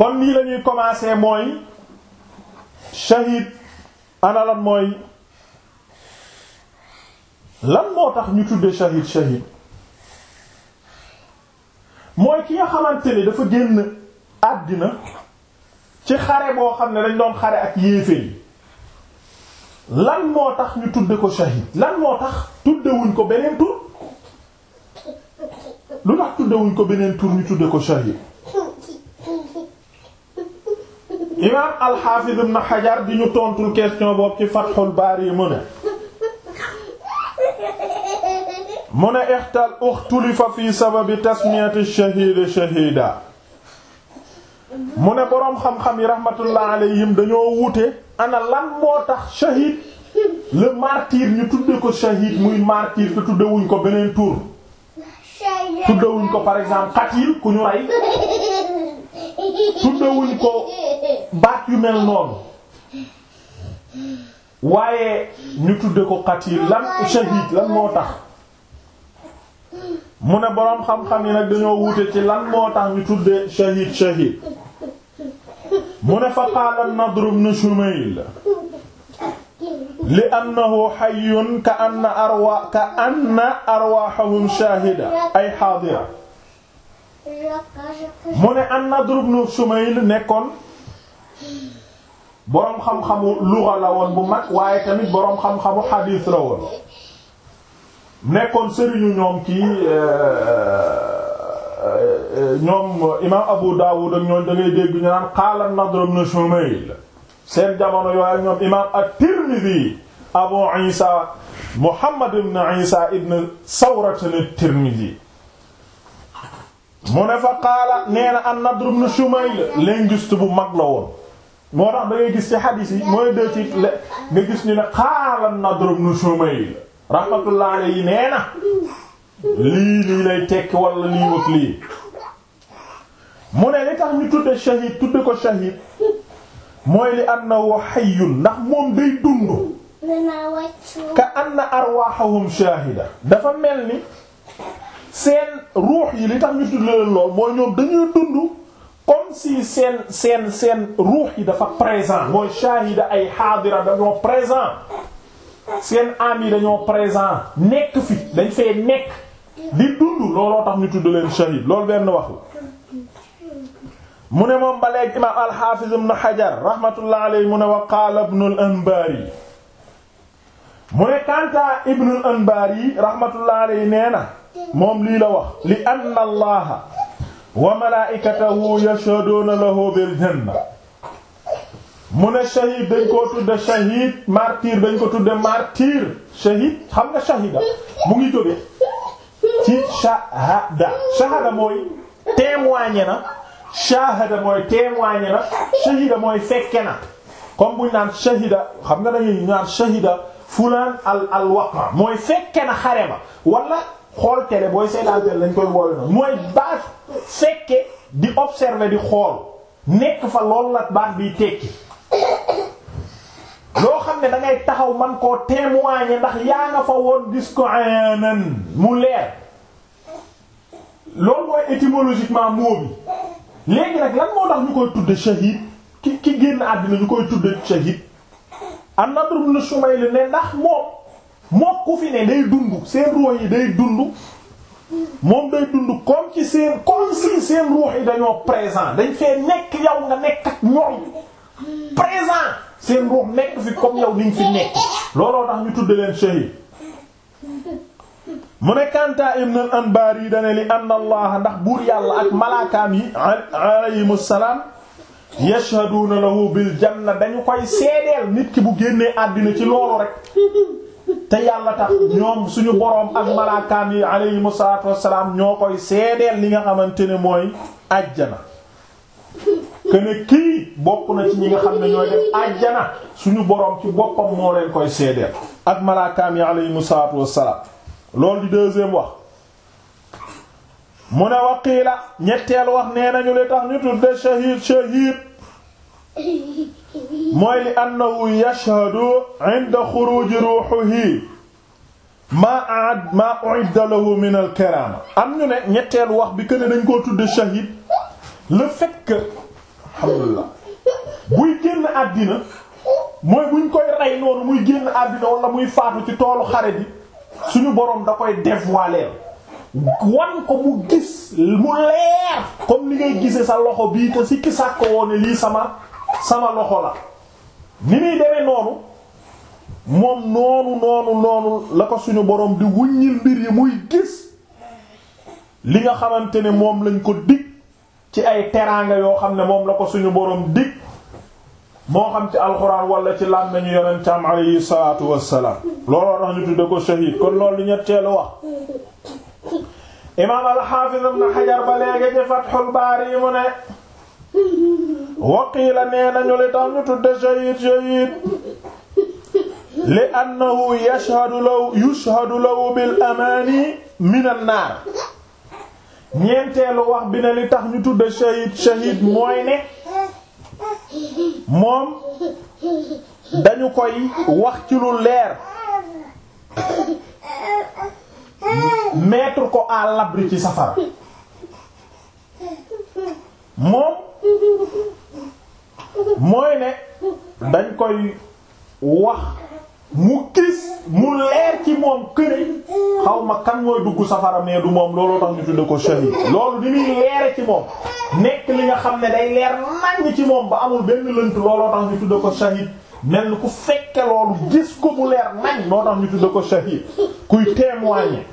kon nii la ñuy mooy shahid ana mooy lan moo tax ñu tudde shahid shahid mooy ki nga xamante ni dafa génn àddina ci xare boo xam ne dañ doon xare ak yéeféer lan moo tax ñu tudde ko shahid lan moo tax tuddewuñ ko beneen tur lu tax tuddewuñ ko beneen tur ñu tudde ko shahid imaam alxaafiz ibn Hajar di ñu tontul question boobu ci Fathul Baari mu ne mu ne ixtal uxtulifa fi sababi tasmiyati shahiida shahiida mu ne boroom xam-xam yi rahmatullah alayhim dañoo wuute ana lan moo tax shahid le martyr ñu tudde ko shahid muy martyr te tuddewuñ ko beneen tur tuddewuñ ko par exemple qatil ku ñu rey tuddawuñ ko baat yu mel noonu waaye ñu tudde ko qatil lan shahid lan moo tax mu ne boroom xam-xam yi nag dañoo wute ci lan moo tax ñu tudde shahid shahid mu ne fa qaala an-Nadr ibn Shumayl li annahu hayyun ka anna arwa ka anna arwaahum shaahida ay haadira mu ne an-Nadr ibn Shumayl nekkoon boroom xam-xamu luga la woon bu mag waaye tamit boroom xam-xamu xadiis la woon nekkoon sëriñu ñoom kii eh, eh, eh, ñoom imaam Abu Dawud ak ñoom da ngay dégg ñu naan qaala an-Nadr ibn Shumayl seen jamono yooyu ñoom imaam at-Tirmidhi Abu Isa Muhammad ibn Isa ibn Sawrat at-Tirmidhi mu ne fa qaala nee na an-Nadr ibn Shumayl linguiste bu mag la woon moo tax da ngay gis ci xadiis yi mooy dee ci nga gis ñu ne qaala an-Nadr ibn Shumayl rahmatullahi alayhi nee na lii lii lay tekki wala lii wut lii mu ne li tax ñu tudde shahid tudde ko shahid mooy li annahu hayyun ndax moom day dund ka anna arwaahahum shaahida dafa mel ni seen ruux yi li tax ñu tudd leen lool mooy ñoom dañuy dund comme si seen seen seen ruux yi dafa présent mooy shahida ay xaadira dañoo présent seen âme yi dañoo présent nekk fi dañ fee nekk di dund looloo tax ñu tudd leen shahid loolu benn waxu mu ne moom ba léegi imaam al-Hafiz ibn Hajar mu ne wa qaala ibn al-Anbari mu ne Kanta ibn al-Anbari rahmatullah alayhi nee na moom lii la wax li anna allaha wa malaa'ikatahu yashhaduuna lahu bil janna mu ne shahid dañ koo tudde shahid martyr dañ ko tudde martyr shahid xam na shahada mooy témoigné na shahida mooy fekke na buñ naan shahida xam nga dañuy naan shahida fulaan al al waqa mooy fekke xare ba wala xool télé booy seetaan télé lañ koy woowe na mooy baat fekke di observer di xool nekk fa loolu la baat biy tekki loo xam ne da taxaw man koo témoigner ndax yaa nga fa woon gis ah, mu leer loolu mooy étymologiquement mot bi léegi nag lan moo tax ñu koy tudd shahid ki ki génn àddina ñu koy tudde shahid an-Nadr ibn Shumayl ne ndax moom moo fi ne day dund seen ruux yi day dund moom day dund comme ci seen comme si seen ruux yi dañoo présent dañ fee nekk yow nga nekk ak ñoom présent seen ruux nekk fi comme yow niñ fi nekk looloo tax ñu tudde leen shahid mu ne Kanta ibn al-Anbar yi dane li anna allah ndax buur yàlla ak malaakaam yi alayhim salaam yashhaduuna lahu bil janna dañu koy seedeel nit ki bu génnee àddina ci loolu rek te yàlla tax ñoom suñu boroom ak malaakaam yi alayhimu salaatu wassalaam ñoo koy seedeel li nga xamante ne mooy àjjana kene kii bokk na ci ñi nga xam ne ñooy def àjjana suñu boroom ci boppam moo leen koy seedeel ak malaakaam yi alayhimu salaatu wassalaam loolu di deuxième wax mu ne waqiila ñetteel wax nee nañu li tax ñu tudde shahiid shahiid mooy li annahu yashhadu inda am ñetteelu wax bi këne dañ koo tudd shahid le fait que alhamdulillah buy génn àddina mooy buñ ci toolu xare bi suñu boroom da koy dévoiler wan ko mu gis mu leer comme ni ngay gise sa loxo bii te si ki woone lii sama sama loxo la ni muy demee noonu moom noonu noonu la ko suñu boroom di wuññil mbir yi muy gis li nga xamante ne moom lañ ko dig ci ay teraanga yoo xam ne moom la ko suñu boroom dig moo xam ci alxuraan wala ci lam nañu yonentam alayhi salaatu wassalaam looloo tax ñu tudde ko shahid kon loolu li ñetteelu wax imaam al-Hafiz ibn Hajar ba léegi ci Fathul Baari mu ne waqiila nee nañu li tax ñu tudde shahid shahid li annahu yashhadu law yushhadu amaani min ñeenteelu wax bi ne li tax ñu tudde shahid shahid mooy ne moom dañu koy wax ci lu leer mettre ko à l'abri ci safara moom mooy ne dañ koy wax mu gis mu leer ci moom këne xaw ma kan mooy dugg safara mais du moom looloo tax ñu tudde ko shahid loolu di muy leere ci moom nekk li nga xam ne day leer naññ ci moom ba amul benn lënt looloo tax ñu tudde ko shahid mel ni ku fekke loolu gis ko mu leer nañ loo tax ñu tudde ko shahid kuy témoigner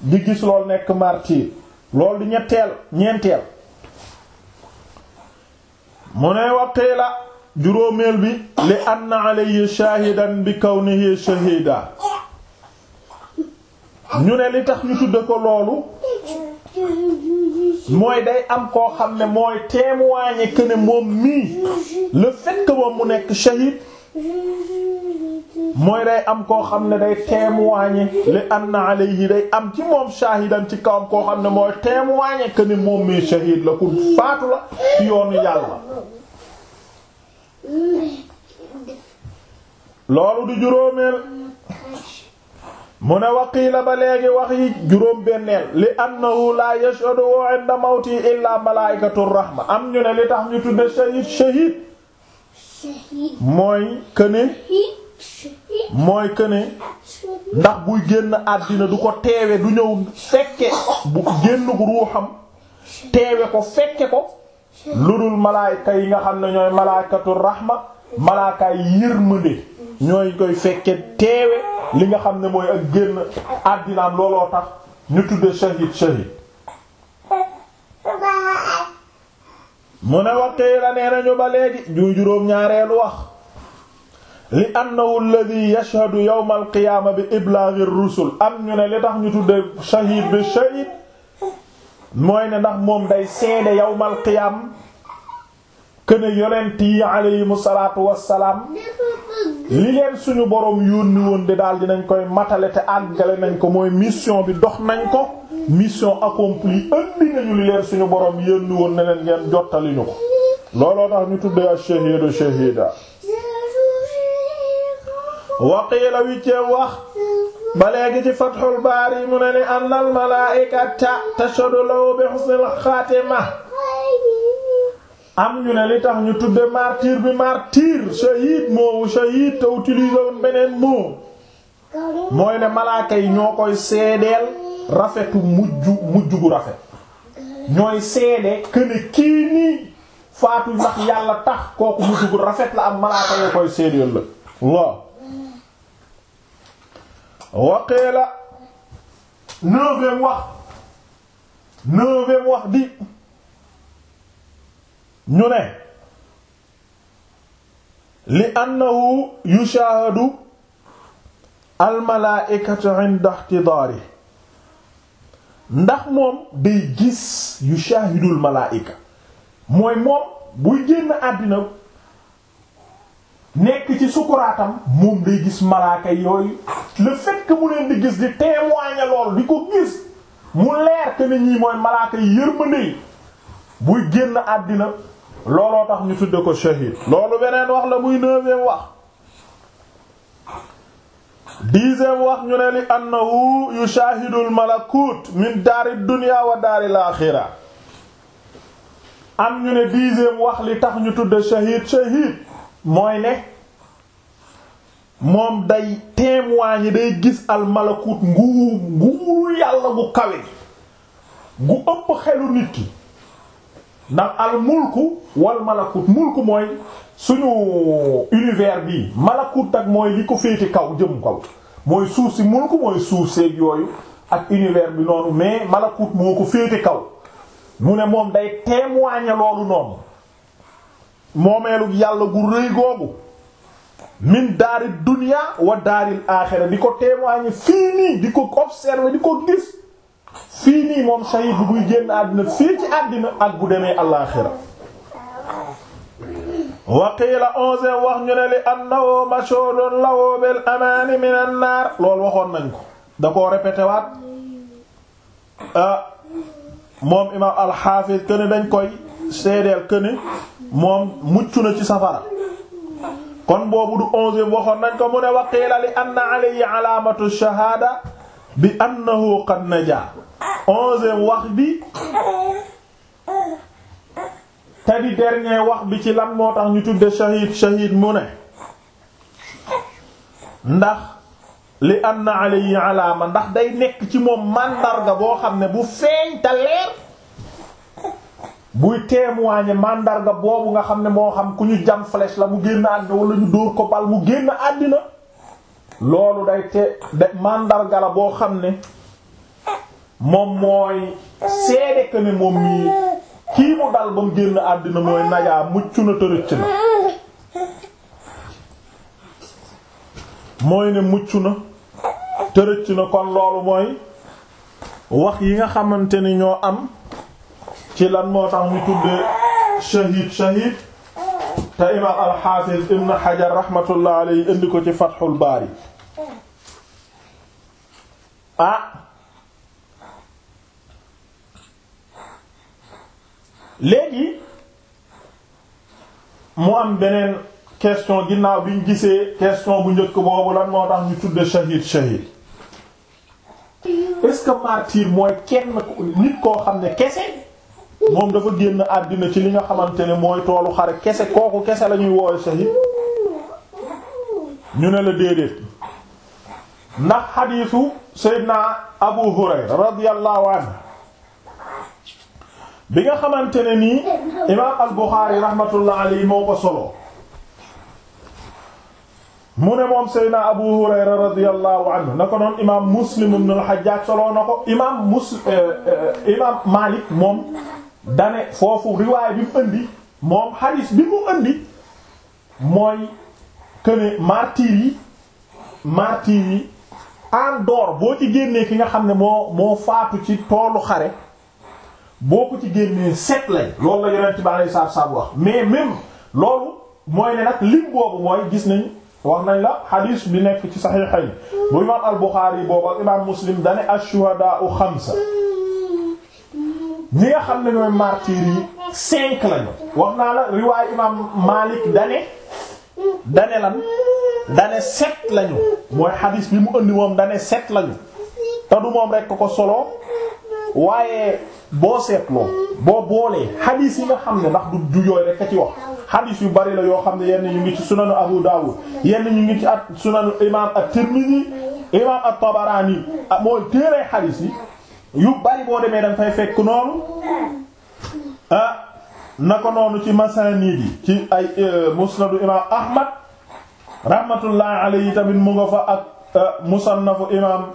di gis loolu nekk martyr loolu di ñetteel ñeenteel mu ne waqila juróomeel bi li anna alayhi shaahidan bi kawnihi shahida ñu ne li tax ñu tudd ko loolu mooy day am koo xam ne mooy témoigner que ne moom mii le fait que mu nekk shahid mooy day am koo xam ne day témoigner li anna alayhi day am ci moom shahidan ci kawam koo xam ne mooy témoigner que ni moom mi shahid la ku faatu la ci yoonu yàlla loolu di juróomeel mu ne waqiila ba léegi wax yi juróom benneel li annahu la yashhadu inda mawti illa malaa'ikatu rahma am ñu ne li tax ñu tudde shahid shahid mooy que mooy que ne ndax buy génn àddina du ko teewe du ñëw fekke bu génn gu ruuxam teewe ko fekke ko lu dul malaayka yi nga xam ne ñooy malaakatu rahma malaakaay yërmande ñooy koy fekke teewe li nga xam ne mooy ak génn àddinaam looloo tax ñu tudde shahid shahid mu ne waxte la nee nañu ba léegi juy juróom ñaareelu wax li annahu alladhi yashhadu yawm bi iblaghi rusul am ñu ne li tax ñu tudde shahid bi shahid mooy ne ndax moom day seede yawm alqiyaam këne yonent yi aleyhimu salaatu wassalaam li leen suñu boroom yónni woon di daal dinañ koy matale te àggale nañ ko mooy mission bi dox nañ ko mission accomplie indi nañu li leen suñu borom yónni woon ne ngeen jottaliñu ko looloo tax ñu tuddee ash-shahidu shahida waqiila wicceem wax ba léegi ci fathul baari mu ne ni annal malaa'ikata tashhadu lahu bi husnil xaatima am ñu ne li tax ñu tudde martyr bi martyr shahid moomu shahid te utilisé woon beneen moom mooy ne malaaka yi ñoo koy seedeel rafetu mujj mujj gu rafet ñooy seede këne kii nii faatu ndax yàlla tax kooku mujj gu rafet la am malaaka yoo koy seedeel la waqeela neuvième wax neuvième wax bi ñu ne li annahu yushaahadu almalaaikatu inda ihtidaari ndax moom day gis yushaahidul malaaika mooy moom buy génn àddina nekk ci sukuraatam moom day gis malaaka yooyu le fait que mu leen di gis di témoigner lool di ko gis mu leer que ne ñii mooy malaaka yi yërmande buy génn àddina looloo tax ñu tudde ko shahid loolu beneen wax la muy neuvième wax dixième wax ñu ne li yu yushahidul malakut min daari dunya wa daaril axira am ñu ne dixième wax li tax ñu tudde shahid shahid mooy ne moom day témoigner day gis almalakut nguur nguuru yàlla gu kawe gu ëpp xelu nit ki ndax al mulku wal malakut mulku mooy suñu univers bi malakut ak mooy li ko féete kaw jëm kaw mooy suuf si mulku mooy suuf seeg yooyu ak univers bi noonu mais malakut moo ko féete kaw mu ne moom day témoigner loolu noonu moomeelu yàlla gu rëy googu min daari dunya wa daaril aaxira di ko témoigner fii nii di ko observer di ko gis fii nii moom shahid bi buy génn àddina fii ci àddina ak bu demee alaaxira waqiila onze wax ñu ne li annahu mashhudun lahu bil amaani min an-naar waxoon nañ ko da koo répété waat ah, moom imaam alxaafis kën dañ koy seedeel këne moom mucc na ci safara kon boobu du onze waxoon nañ ko mu ne waqiila li anna alayhi alaamatu shahaada bi annahu qad naja onze wax bi te di dernier wax bi ci lan moo tax ñu tudde shahid shahid mu ne ndax li anna alayhi alaama ndax day nekk ci moom màndarga boo xam ne bu feeñ leer buy témoigner màndarga boobu nga xam ne moo xam ku ñu jam flèche la mu génn àddina wala ñu dóor ko bal mu génn àddina loolu day te de la boo xam ne moom mooy seede que ne moom mii kii mu dal ba génn àddina mooy najaa mucc na tërëcc na mooy ne mucc na tërëcc na kon loolu mooy wax yi nga xamante ni ñoo am ci lan moo tax ñu tuddee shahid shahid te imaam alxaafiz ibn xajar rahmatullah alayhi indi ko ci fathul baari ah léegi mu am beneen question ginnaaw bi ñu gisee question bu njëkk boobu lan moo tax ñu tuddee shahid shahid est-ce que martyr mooy kenn nit koo xam ne kese moom dafa génn àddina ci li nga xamante ne mooy toolu xare kese kooku kese lañuy ñuy woowe ñu ne la déedéet ndax xadiisu Seydina Abu Hurayra radiyallahu anhu bi nga xamante ne nii imaam al-Bukhari rahmatullah alayhi moo ko solo mu ne moom Seydina Abu Hurayra radiyallahu anhu na ko noon imaam Muslim ibn al-Hajjaj solo na ko imaam Muslim eh, eh, imaam Malik moom dane foofu riwaay bi mu indi moom hadis bi mu indi mooy këne martyr yi martyr yi en dehors boo ci génnee ki nga xam ne moo moo faatu ci toolu xare boo ko ci génnee set lay loolu la yonent bi alayhi salaatu salaam wax mais même loolu mooy ne nag lim boobu mooy gis nañ wax nañ la hadis bi nekk ci saxiixay bu imaam al Buxaari boobu ak imaam Muslim dane ash-shuhadaa'u xamsa ñi nga xam ne ñooy martyrs yi cinq lañu wax naa la riwaay imam Malik dane dane lan dane set lañu mooy xadiis bi mu indi moom dane sept lañu te du moom rekk ko solo waaye boo seetloo boo boolee xadiis yi nga xam ne ndax du du yooyu rekk ci wax xadiis yu bari la yoo xam ne yenn ñu ngi ci sunanu Abu Dawud yenn ñu ngi ci at sunanu imam at-Tirmidhi imam at-Tabarani ah, mooy téere xadiis yi yu bari boo demee da fay fekk noonu hmm. ah na ko noonu ci masanid yi ci ay eh, musnadu imam ahmad rahmatullah alayhi tamit mu nga fa ak eh, musannafu imam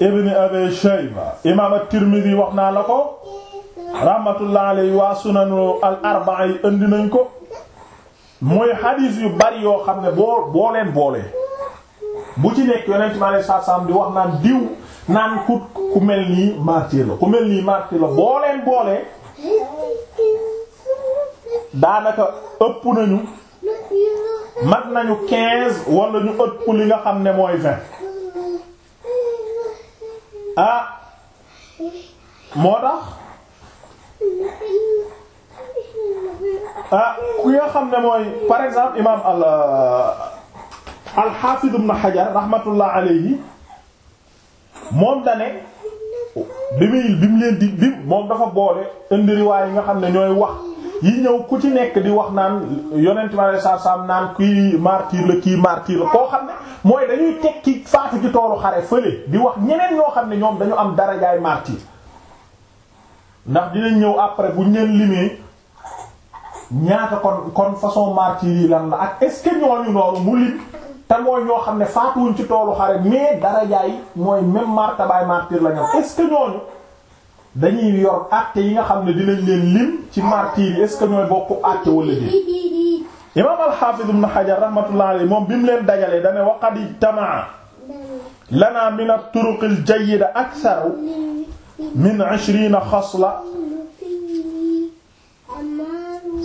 ibn abi shayba imam at-tirmidhi wax naa la ko rahmatullah alayhi waa sunanu al arba'a yi indi nañ ko mooy hadith yu bari yoo xam ne boo boo leen boolee bu ci nekk yonent mi alayhi salaatu salaam di wax naan diw naan ku ku mel nii martyr la ku mel nii martyr la boo boolee daanaka ëpp nañu mat nañu quinze wala ñu ëpp li nga xam ne mooy vingt ah moo tax ah ku nga xam ne mooy par exemple imam al euh, al Hafiz ibn Hajar rahmatullah yi moom da ne bi muy bi mu leen di bi moom dafa boole indi riwaay yi nga xam ne ñooy wax yi ñëw ku ci nekk di wax naan yonent ma lay saabsaab naan kii martyr la kii martyr la koo xam ne mooy dañuy teg ci faatu ci toolu xare fële di wax ñeneen ñoo xam ne ñoom dañu am darajaay martyr ndax dinañ ñëw après bu ñu leen limee ñaata kon kon façon martyr yi lan la ak est-ce ñooñu noonu mu lim. te mooy ñoo xam ne faatuwuñ ci toolu xare mais dara jaay mooy même martabaay martyr la ñu est-ce que ñooñu dañuy yor acte yi nga xam ne dinañ leen lim ci ah. martyr yi est-ce que ñooy bokku acte wala déet. imaam al-Hafiz ibn moom bi leen dajalee da ne waqad ijtama'a lana min at-turuq al-jayyida akthar min 20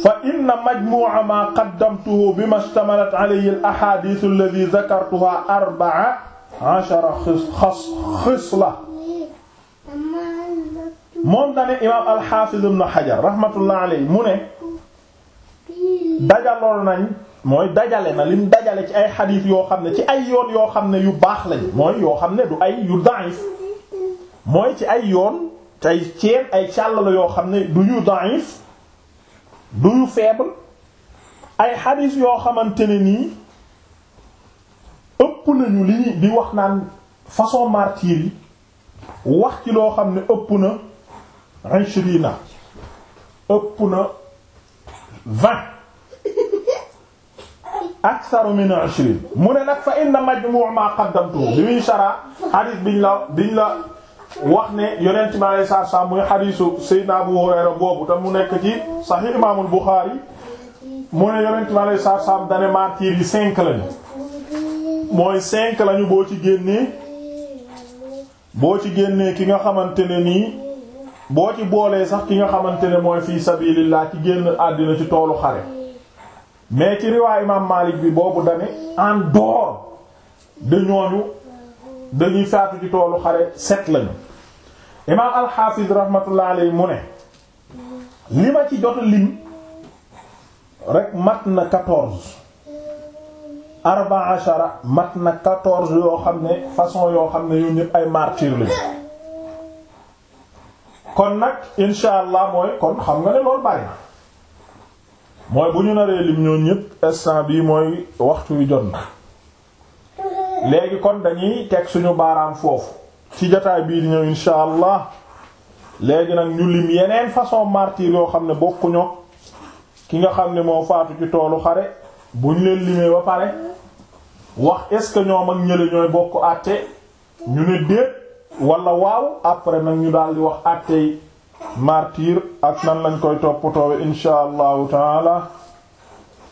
fa inna majmuuca maa qaddamtuhu bimaa ishtamalat alayhi al-ahaadiis allatii zakartuhaa arbaca ashara xisla moom dane imaam al-Haafiz ibn Hajar rahmatullah alayhi mu ne dajalool nañ mooy dajale na lim dajale ci ay xadiis yoo xam ne ci ay yoon yoo xam ne yu baax lañ mooy yoo xam ne du ay yu da'if mooy ci ay yoon tey ceen ay càll la yoo xam ne du yu da'if duñu faible ay xadiis yoo xamante ne nii ëpp nañu li ñu di wax naan façon martyr yi wax ci loo xam ne ëpp na ishrina ëpp na vingt aksaru min ishrin mu ne nag fa inna majmu' ma qaddamtu bi muy shara xadiis biñ la biñ la wax ne yonent bi alayhi salaatu salaam muy xadiisu Seydina Abu Hurayra boobu te mu nekk ci Sahih Imaamul Buxaari mu ne yonent bi alayhi salaatu salaam dane martyr yi cinq lañu mooy cinq lañu boo ci génnee boo ci génnee ki nga xamante ne nii boo ci boolee sax ki nga xamante ne mooy fii sabilillah ci génn àddina ci toolu xare mais ci riwaay Imaam Maalik bi boobu dane en dehors de ñooñu dañuy faatu ci toolu xare sept lañu imaam alxaafis rahmatullah alayhi mu ne li ma ci jot lim rek mat na quatorze arba ashara mat na quatorze yoo xam ne façon yoo xam ne yooyu ñëpp ay martyr lañu kon nag insha allah mooy kon xam nga ne loolu bari na mooy bu ñu naree lim ñoo ñëpp instant bi mooy waxtu wi jot na léegi kon dañuy teg suñu baaraam foofu ci jotaay bii di ñëw insha allah léegi nag ñu lim yeneen façon martyr yoo xam ne bokkuñoo ki nga xam ne moo faatu ci toolu xare buñ leen limee ba pare wax est-ce ñoom ak ñële ñooy bokk àtte ñu ne déet wala waaw après nag ñu daal di wax àtte yi ak nan lañ koy toppatoowe insha allahu taala